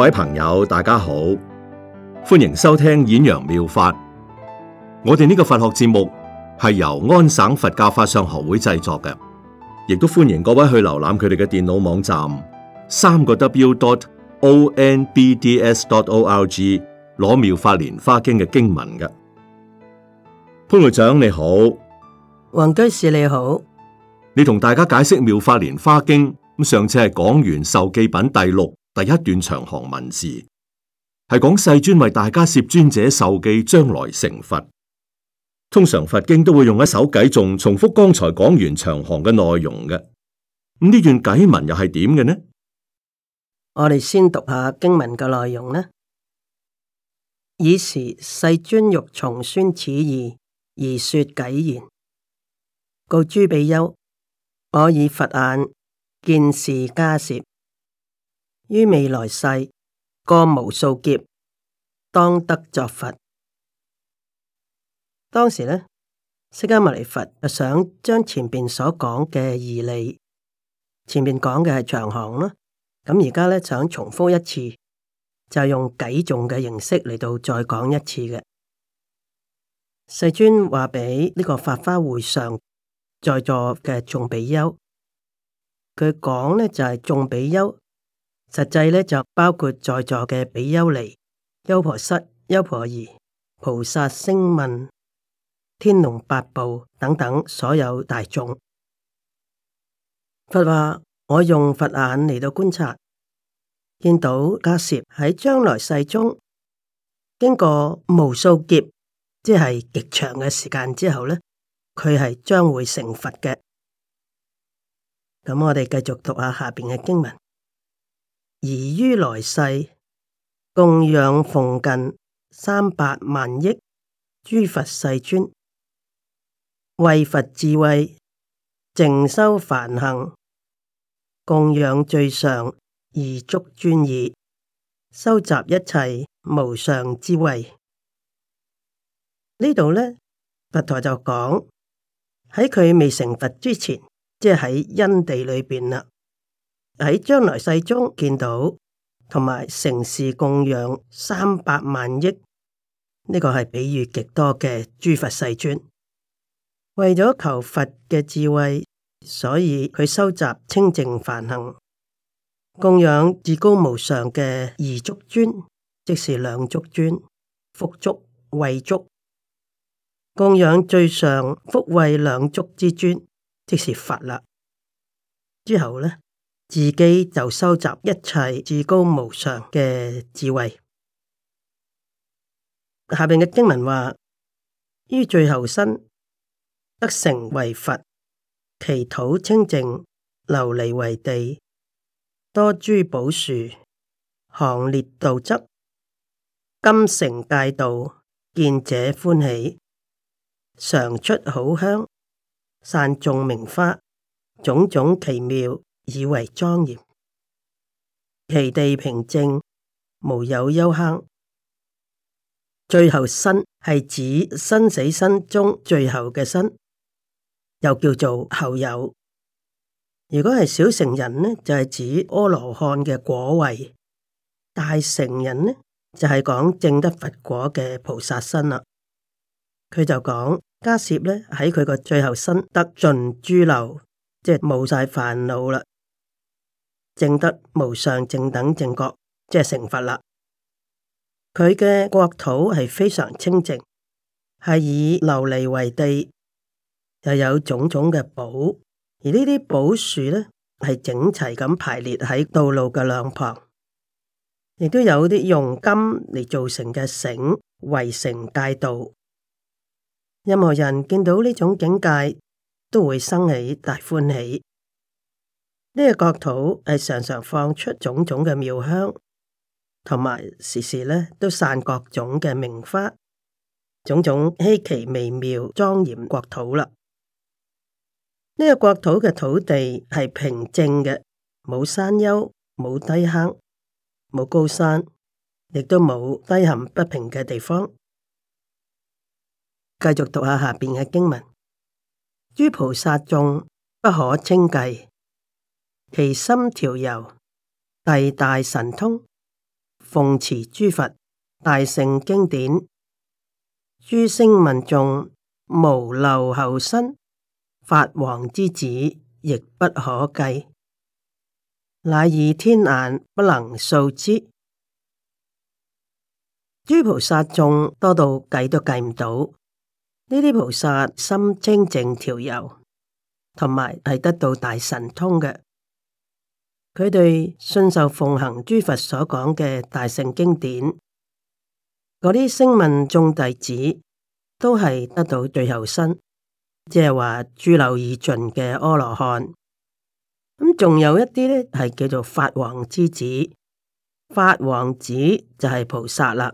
各位朋友，大家好，歡迎收聽演揚妙，妙法。我哋呢個佛學節目係由安省佛教法相學會製作嘅，亦都歡迎各位去瀏覽佢哋嘅電腦網站三個 W 點 O N B D S 點 O L G 攞妙法蓮花經嘅經文嘅。潘會長你好，黃居士你好，你同大家解釋妙法蓮花經咁，上次係講完授記品第六。第一段長行文字係講世尊為大迦葉尊者受記，將來成佛。通常佛經都會用一首偈頌重複剛才講完長行嘅內容嘅。咁呢段偈文又係點嘅呢？我哋先讀下經文嘅內容啦。以時世尊欲重宣此意，而說偈言：告諸比丘，我以佛眼見是迦葉。於未來世過無數劫，當得作佛。當時呢，釋迦牟尼佛又想將前邊所講嘅義理，前面講嘅係長行啦，咁而家咧想重複一次，就用偈頌嘅形式嚟到再講一次嘅。世尊話畀呢個法花會上在座嘅眾比丘，佢講咧就係、是、眾比丘。實際咧就包括在座嘅比丘尼、優婆塞、優婆夷、菩薩聲聞、天龍八部等等所有大眾。佛話：我用佛眼嚟到觀察，見到迦葉喺將來世中經過無數劫，即係極長嘅時間之後咧，佢係將會成佛嘅。咁我哋繼續讀下下邊嘅經文。而於來世供養奉覲三百萬億諸佛世尊，為佛智慧淨修梵行，供養最上二足尊已，收集一切無上智慧。呢度呢，佛陀就講喺佢未成佛之前，即係喺因地裏邊啦。喺將來世中見到，同埋承事供養三百萬億，呢、這個係比喻極多嘅諸佛世尊，為咗求佛嘅智慧，所以佢收集清淨梵行，供養至高無上嘅二足尊，即是兩足尊、福足、慧足，供養最上福慧兩足之尊，即是佛啦。之後咧。自己就收集一切至高無上嘅智慧。下邊嘅經文話：於最後身得成為佛，其土清淨，琉璃為地，多珠寶樹，行列道側，金繩界道，見者歡喜，常出好香，散眾名花，種種奇妙。以為莊嚴，其地平正，無有丘坑。最後身係指生死身中最後嘅身，又叫做後有。如果係小乘人呢，就係、是、指阿羅漢嘅果位；大乘人呢，就係、是、講證得佛果嘅菩薩身啦。佢就講，迦葉呢，喺佢個最後身得盡諸漏，即係無晒煩惱啦。正得無上正等正覺，即係成佛啦。佢嘅國土係非常清淨，係以琉璃為地，又有種種嘅寶。而呢啲寶樹呢，係整齊咁排列喺道路嘅兩旁，亦都有啲用金嚟做成嘅繩圍成戒道。任何人見到呢種境界，都會生起大歡喜。呢個國土係常常放出種種嘅妙香，同埋時時都散各種嘅名花，種種稀奇微妙莊嚴國土啦。呢、這個國土嘅土地係平靜嘅，冇山丘，冇低坑，冇高山，亦都冇低陷不平嘅地方。繼續讀下下面嘅經文：諸菩薩眾不可稱計。其心調柔，逮大神通，奉持諸佛大乘經典，諸聲聞眾無漏後身，法王之子亦不可計，乃以天眼不能數之，諸菩薩眾多到計都計唔到，呢啲菩薩心清淨調柔，同埋係得到大神通嘅。佢哋信受奉行諸佛所講嘅大乘經典，嗰啲聲聞眾弟子都係得到最後身，即係話諸漏已盡嘅阿羅漢。咁仲有一啲咧，係叫做法王之子，法王子就係菩薩啦。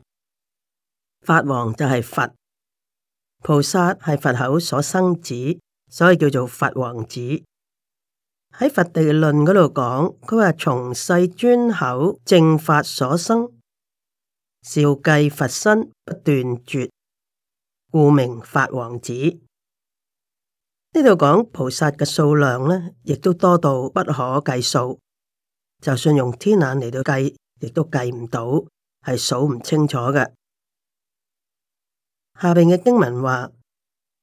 法王就係佛，菩薩係佛口所生子，所以叫做法王子。喺《在佛地論》嗰度講，佢話從世尊口正法所生，紹繼佛身不斷絕，故名法王子。呢度講菩薩嘅數量呢，亦都多到不可計數，就算用天眼嚟到計，亦都計唔到，係數唔清楚嘅。下面嘅經文話，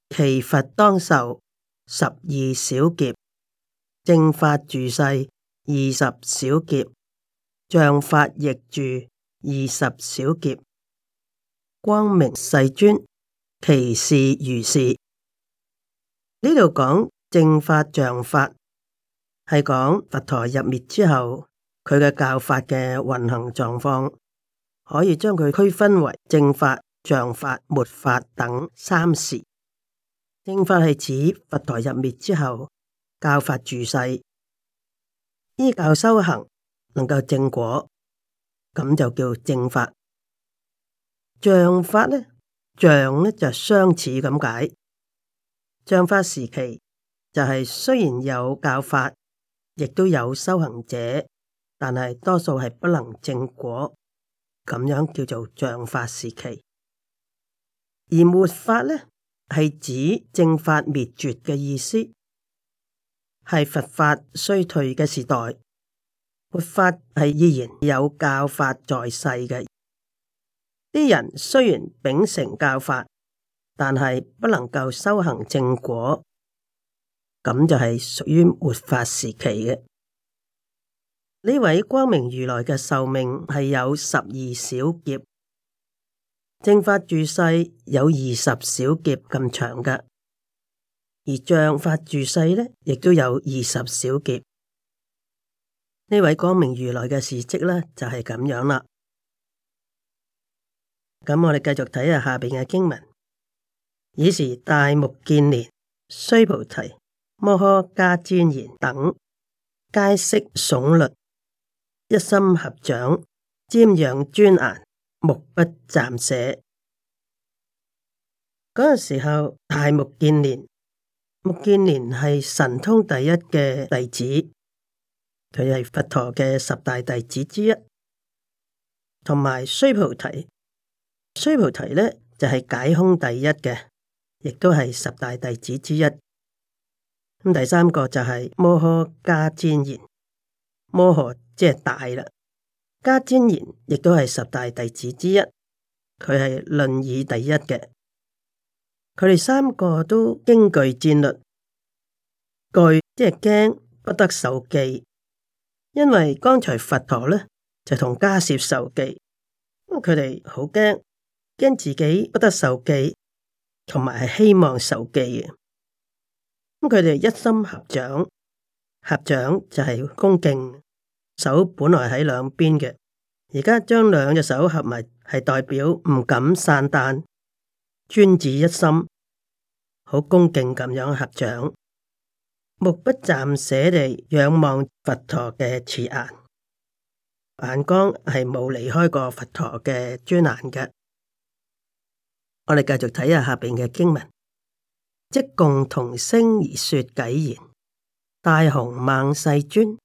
其佛當受十二小劫。正法住世二十小劫，像法亦住二十小劫，光明世尊其事如是。呢度講正法、像法，係講佛陀入滅之後，佢嘅教法嘅運行狀況，可以將佢區分為正法、像法、末法等三時。正法係指佛陀入滅之後。教法住世，依教修行能夠正果，咁就叫正法。像法咧，像咧就相似咁解。像法時期就係雖然有教法，亦都有修行者，但係多數係不能正果，咁樣叫做像法時期。而末法咧，係指正法滅絕嘅意思。係佛法衰退嘅時代，活法係依然有教法在世嘅。啲人雖然秉承教法，但係不能夠修行正果，咁就係屬於活法時期嘅。呢位光明如來嘅壽命係有十二小劫，正法住世有二十小劫咁長嘅。而像法住世呢，亦都有二十小劫。呢位光明如來嘅事跡呢，就係、是、咁樣啦。咁我哋繼續睇下下邊嘅經文。爾時大目犍連，須菩提、摩訶迦旃延等皆悉悚慄，一心合掌，瞻仰尊顏，目不暫捨。嗰陣、那個、時候，大目犍連。目犍連係神通第一嘅弟子，佢係佛陀嘅十大弟子之一。同埋須菩提，須菩提咧就係解空第一嘅，亦都係十大弟子之一。咁第三個就係摩訶迦旃延，摩訶即係大啦，迦旃延亦都係十大弟子之一，佢係論語第一嘅。佢哋三個都驚懼戰慄懼，即係驚不得受記，因為剛才佛陀呢就同迦葉受記，咁佢哋好驚，驚自己不得受記，同埋係希望受記嘅。咁佢哋一心合掌，合掌就係恭敬，手本來喺兩邊嘅，而家將兩隻手合埋，係代表唔敢散誕。專志一心，好恭敬咁樣合掌，目不暫捨地仰望佛陀嘅慈顏，眼光係冇離開過佛陀嘅尊顏嘅。我哋繼續睇下下邊嘅經文，即共同聲而說偈言：大雄猛世尊，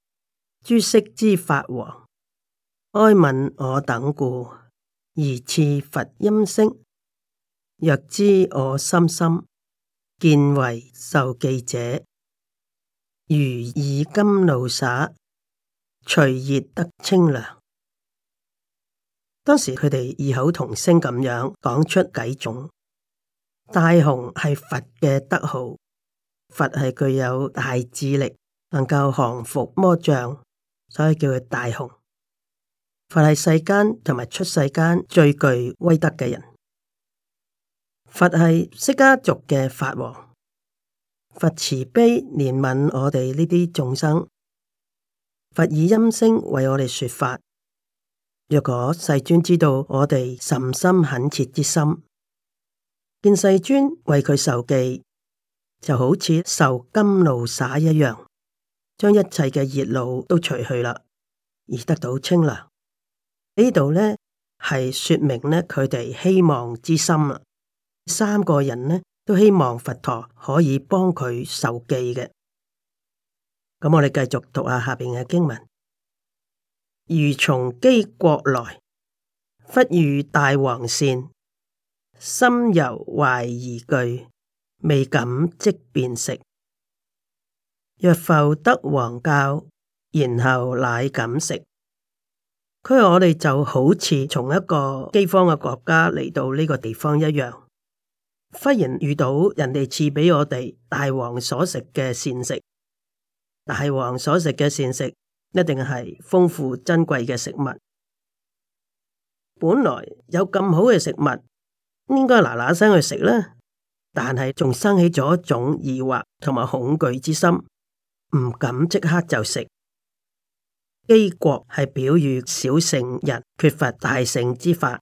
諸釋之法王，哀憫我等故，而賜佛音聲。若知我心深，深，見為授記者，如以甘露灑，除熱得清涼。當時佢哋異口同聲咁樣講出幾種大雄係佛嘅德號，佛係具有大智力，能夠降伏魔障，所以叫佢大雄。佛係世間同埋出世間最具威德嘅人。佛係釋迦族嘅法王，佛慈悲憐憫我哋呢啲眾生，佛以音聲為我哋說法。若果世尊知道我哋甚深懇切之心，見世尊為佢授記，就好似受甘露灑一樣，將一切嘅熱惱都除去啦，而得到清涼。呢度呢係說明呢，佢哋希望之心啦。三個人呢都希望佛陀可以幫佢授記嘅。咁我哋繼續讀下下邊嘅經文：「如從饑國來，忽遇大王膳，心猶懷疑懼，未敢即便食。若復得王教，然後乃敢食。」佢話我哋就好似從一個饑荒嘅國家嚟到呢個地方一樣。忽然遇到人哋賜畀我哋大王所食嘅膳食，大王所食嘅膳食一定係豐富珍貴嘅食物。本來有咁好嘅食物，應該嗱嗱聲去食啦。但係仲生起咗一種疑惑同埋恐懼之心，唔敢即刻就食。饑國係表語小聖人缺乏大聖之法。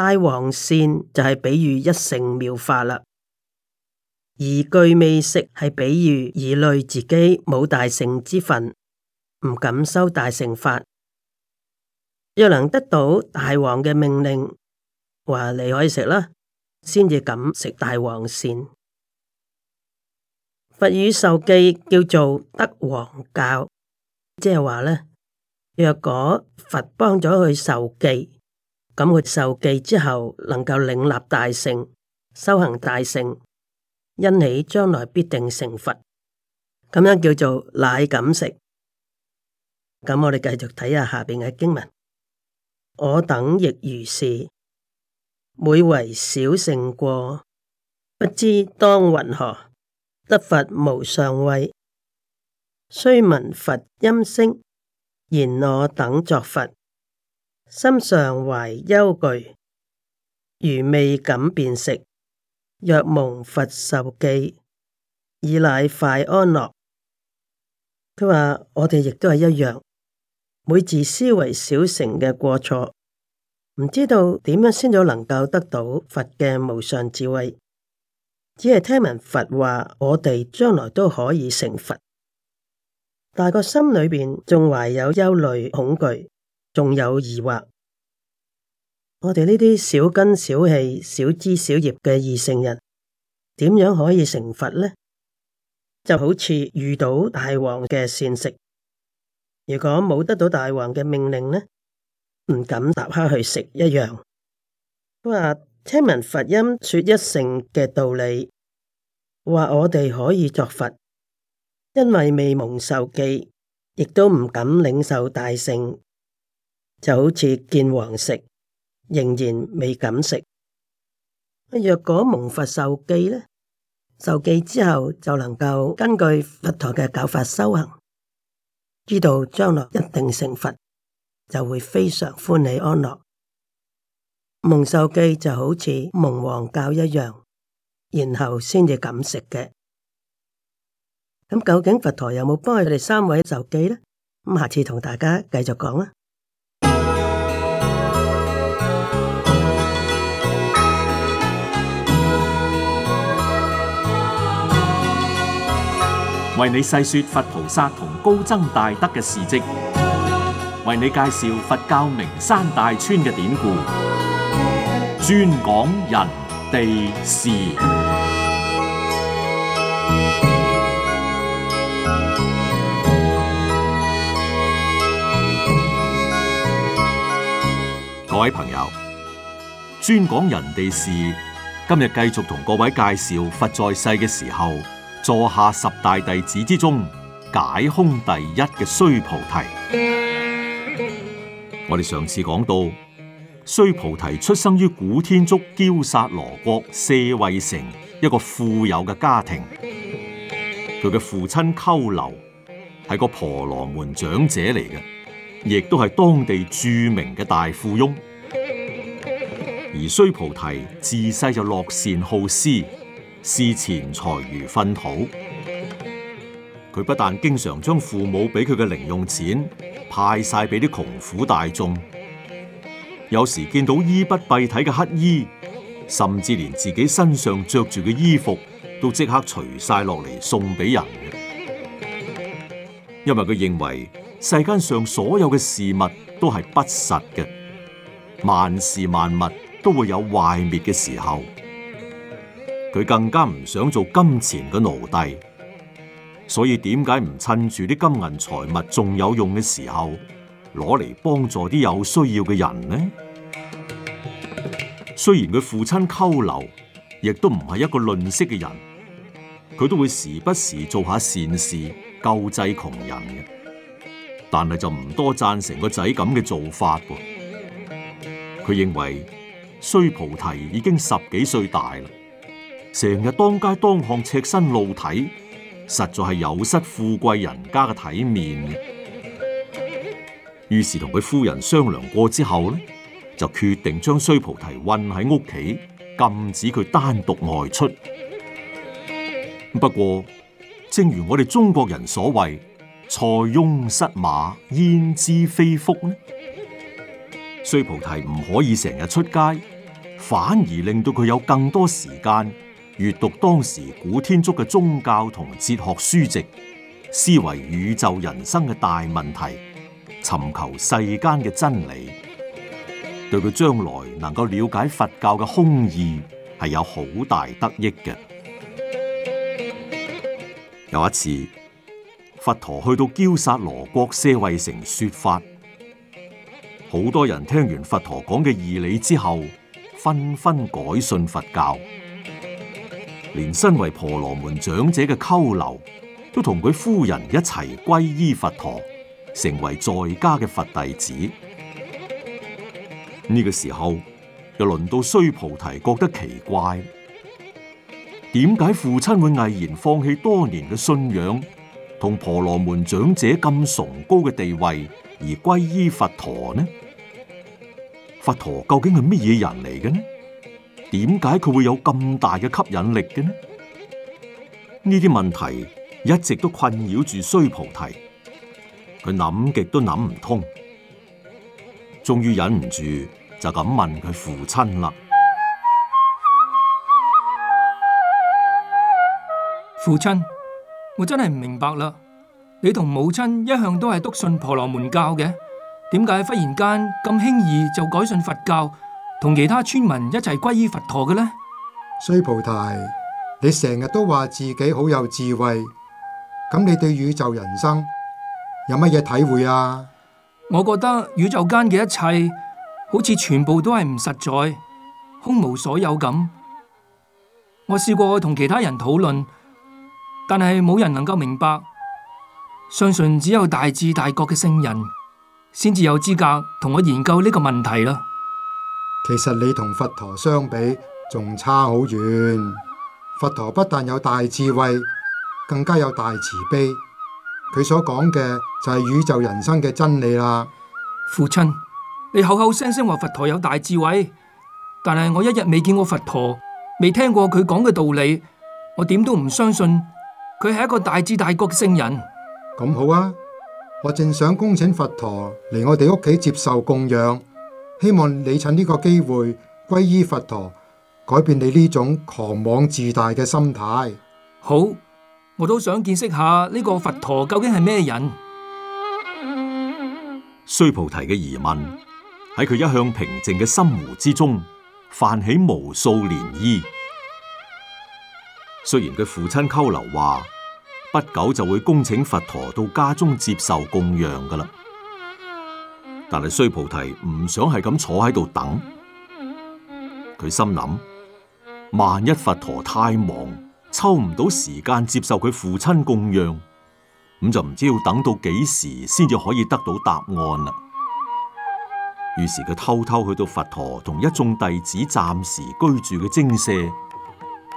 大王膳就係比喻一乘妙法啦，而具未食係比喻疑慮，自己冇大乘之份，唔敢收大乘法。若能得到大王嘅命令，話你可以食啦，先至敢食大王膳。佛語授記叫做德王教，即係話咧，若果佛幫咗佢授記。咁佢受記之後，能夠領納大乘，修行大乘，因此將來必定成佛。咁樣叫做乃敢食。咁我哋繼續睇下下邊嘅經文：我等亦如是，每為小乘過，不知當云何，得佛無上慧，雖聞佛音聲，言我等作佛。心上懷憂懼，如未敢便食，若蒙佛授記，爾乃快安樂。佢話：我哋亦都係一樣，每自思惟小乘嘅過錯，唔知道點樣先至能夠得到佛嘅無上智慧。只係聽聞佛話，我哋將來都可以成佛，但係個心裏邊仲懷有憂慮恐懼。仲有疑惑，我哋呢啲小根小器，小枝小葉嘅二乘人，點樣可以成佛呢？就好似遇到大王嘅膳食，如果冇得到大王嘅命令呢，唔敢立刻去食一樣。佢話聽聞佛音說一乘嘅道理，話我哋可以作佛，因為未蒙受記，亦都唔敢領受大乘。就好似見王食，仍然未敢食。若果蒙佛授記呢，授記之後就能夠根據佛陀嘅教法修行，知道將來一定成佛，就會非常歡喜安樂。蒙授記就好似蒙王教一樣，然後先至敢食嘅。咁究竟佛陀有冇幫佢哋三位授記呢？咁下次同大家繼續講啦。為你細說佛菩薩同高僧大德嘅事跡，為你介紹佛教名山大川嘅典故，專講人哋事。各位朋友，專講人哋事，今日繼續同各位介紹佛在世嘅時候。座下十大弟子之中，解空第一嘅須菩提。 我哋上次講到，須菩提出生於古天竺嬌薩羅國舍衛城一個富有嘅家庭，佢嘅父親鳩留係個婆羅門長者嚟嘅，亦都係當地著名嘅大富翁，而須菩提自細就樂善好施。視錢財如糞土，佢不但經常將父母俾佢嘅零用錢派晒俾啲窮苦大眾，有時見到衣不蔽體嘅乞衣，甚至連自己身上着住嘅衣服都即刻除晒落嚟送俾人，因為佢認為世間上所有嘅事物都係不實嘅，萬事萬物都會有壞滅嘅時候。佢更加唔想做金錢嘅奴隸，所以點解唔趁住啲金銀財物仲有用嘅時候，攞嚟幫助啲有需要嘅人呢？雖然佢父親摳流，亦都唔係一個吝嗇嘅人，佢都會時不時做下善事，救濟窮人嘅。但係就唔多贊成個仔咁嘅做法喎。佢認為須菩提已經十幾歲大啦。成日當街當巷赤身露體，實在係有失富貴人家嘅體面。於是同佢夫人商量過之後呢，就決定將須菩提困喺屋企，禁止佢單獨外出。不過，正如我哋中國人所謂“塞翁失馬，焉知非福”呢？須菩提唔可以成日出街，反而令到佢有更多時間。閱讀當時古天竺嘅宗教同哲學書籍，思維宇宙人生嘅大問題，尋求世間嘅真理，對佢將來能夠了解佛教嘅空義係有好大得益嘅。有一次，佛陀去到憍薩羅國舍衛城說法，好多人聽完佛陀講嘅義理之後，紛紛改信佛教。連身為婆羅門長者嘅溝流，都同佢夫人一齊皈依佛陀，成為在家嘅佛弟子。呢個時候又輪到須菩提覺得奇怪，點解父親會毅然放棄多年嘅信仰，同婆羅門長者咁崇高嘅地位，而皈依佛陀呢？佛陀究竟係乜嘢人嚟嘅呢？點解佢會有咁大嘅吸引力嘅呢？呢啲問題一直都困擾住須菩提，佢諗極都諗唔通，終於忍唔住就咁問佢父親啦。父親，我真係唔明白啦，你同母親一向都係篤信婆羅門教嘅，點解忽然間咁輕易就改信佛教？同其他村民一齊歸依佛陀嘅呢？須菩提，你成日都話自己好有智慧，咁你對宇宙人生有乜嘢體會啊？我覺得宇宙間嘅一切好似全部都係唔實在，空無所有咁。我試過同其他人討論，但係冇人能夠明白。相信只有大智大覺嘅聖人，先至有資格同我研究呢個問題啦。其實你同佛陀相比仲差好遠。佛陀不但有大智慧，更加有大慈悲。佢所講嘅就係宇宙人生嘅真理啦。父親，你口口聲聲話佛陀有大智慧，但係我一日未見過佛陀，未聽過佢講嘅道理，我點都唔相信佢係一個大智大覺嘅聖人。咁好啊，我正想恭請佛陀嚟我哋屋企接受供養。希望你趁呢個機會皈依佛陀，改變你呢種狂妄自大嘅心態。好，我都想見識下呢個佛陀究竟係咩人。須菩提嘅疑問喺佢一向平靜嘅心湖之中泛起無數漣漪。雖然佢父親溝流話，不久就會恭請佛陀到家中接受供養噶啦。但係須菩提唔想係咁坐喺度等，佢心諗：萬一佛陀太忙，抽唔到時間接受佢父親供養，咁就唔知要等到幾時先至可以得到答案啦。於是佢偷偷去到佛陀同一眾弟子暫時居住嘅精舍，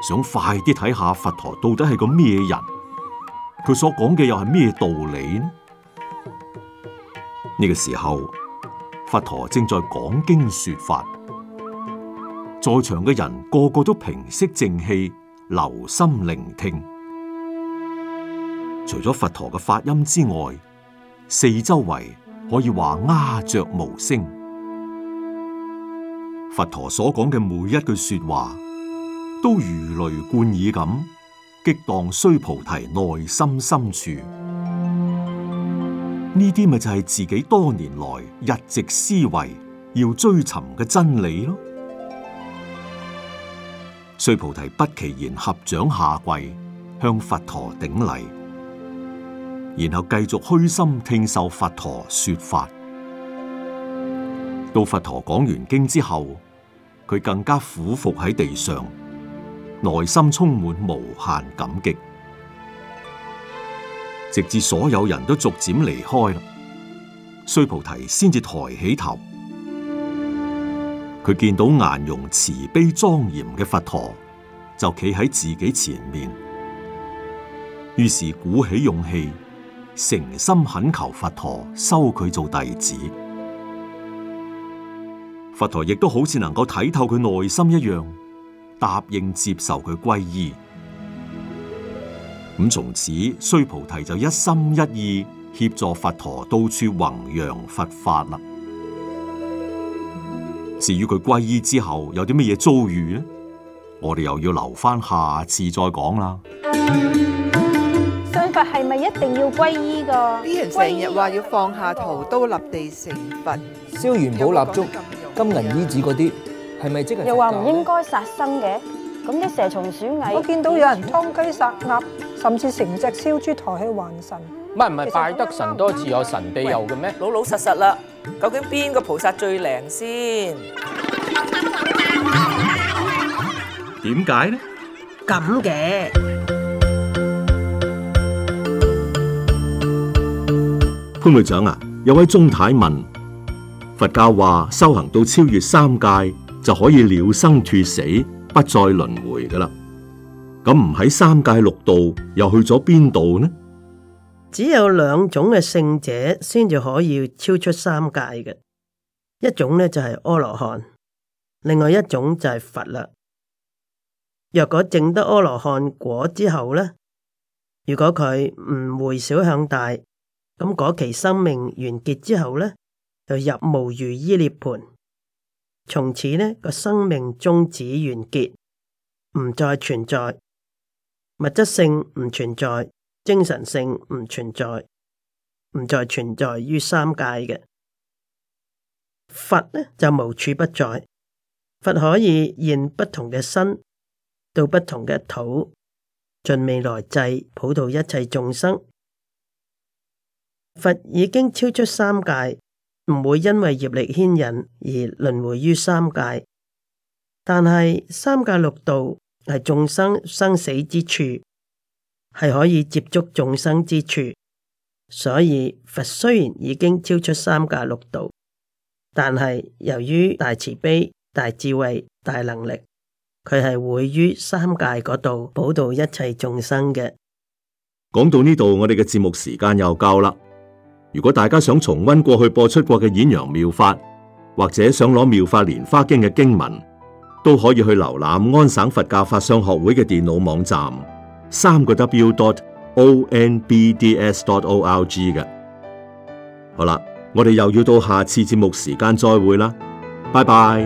想快啲睇下佛陀到底係個咩人，佢所講嘅又係咩道理呢？呢個時候，佛陀正在講經說法，在場嘅人個個都平息靜氣，留心聆聽。除咗佛陀嘅法音之外，四周圍可以話鴉雀無聲。佛陀所講嘅每一句說話，都如雷貫耳咁，激蕩須菩提內心深處。呢啲咪就係自己多年來一直思維要追尋嘅真理咯。須菩提不其然合掌下跪向佛陀頂禮，然後繼續虛心聽受佛陀說法。到佛陀講完經之後，佢更加俯伏喺地上，內心充滿無限感激。直至所有人都逐漸離開啦，須菩提先至抬起頭，佢見到顏容慈悲莊嚴嘅佛陀就企喺自己前面，於是鼓起勇氣，誠心懇求佛陀收佢做弟子。佛陀亦都好似能夠睇透佢內心一樣，答應接受佢皈依。咁從此須菩提就一心一意協助佛陀到處弘揚佛法啦。至於佢歸依之後，有啲乜嘢遭遇呢？我哋又要留翻下，下次再講啦。信佛係咪一定要歸依噶？啲人成日話要放下屠刀立地成佛，燒元寶蠟燭、有有金銀衣紙嗰啲，係咪呀即係？又話唔應該殺生嘅？咁啲蛇蟲鼠蟻，我見到有人劏雞殺鴨，甚至成隻燒豬抬起還神。唔係唔係，拜得神多自有神庇佑嘅咩？老老實實啦，究竟邊個菩薩最靈先？點解呢？咁嘅潘會長啊，有位鍾太問佛教話修行到超越三界就可以了生脫死。不再輪回㗎喇，咁唔喺三界六道，又去咗邊度呢？只有兩種嘅聖者先至可以超出三界嘅，一種呢就係阿羅漢，另外一種就係佛啦。若果證得阿羅漢果之後呢，如果佢唔回小向大，咁嗰期生命完結之後呢，就入無餘依涅盤從此呢個生命終止完結，唔再存在，物質性唔存在，精神性唔存在，唔再存在於三界嘅。佛呢，就無處不在，佛可以現不同嘅身到不同嘅土，盡未來際普渡一切眾生，佛已經超出三界。唔會因為業力牽引而輪回於三界，但係三界六道係眾生生死之處，係可以接觸眾生之處。所以佛雖然已經超出三界六道，但係由於大慈悲、大智慧、大能力，佢係會於三界嗰度普度一切眾生嘅。講到呢度，我哋嘅節目時間又夠啦。如果大家想重温過去播出過嘅演揚妙法，或者想攞妙法蓮花經嘅經文，都可以去瀏覽安省佛教法商學會嘅電腦網站，三個 w.dot.o.n.b.d.s.dot.o.r.g 嘅。好啦，我哋又要到下次節目時間再會啦，拜拜。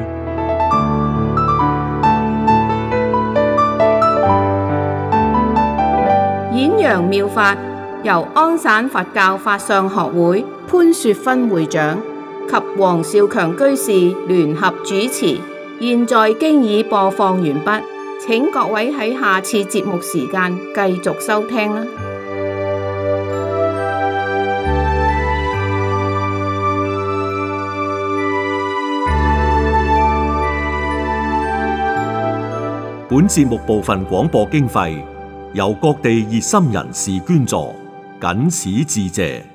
演揚妙法。由安省佛教法相學會潘雪芬會長及黃少強居士聯合主持，現在經已播放完畢，請各位喺下次節目時間繼續收聽啦。本節目部分廣播經費由各地熱心人士捐助。僅此致謝。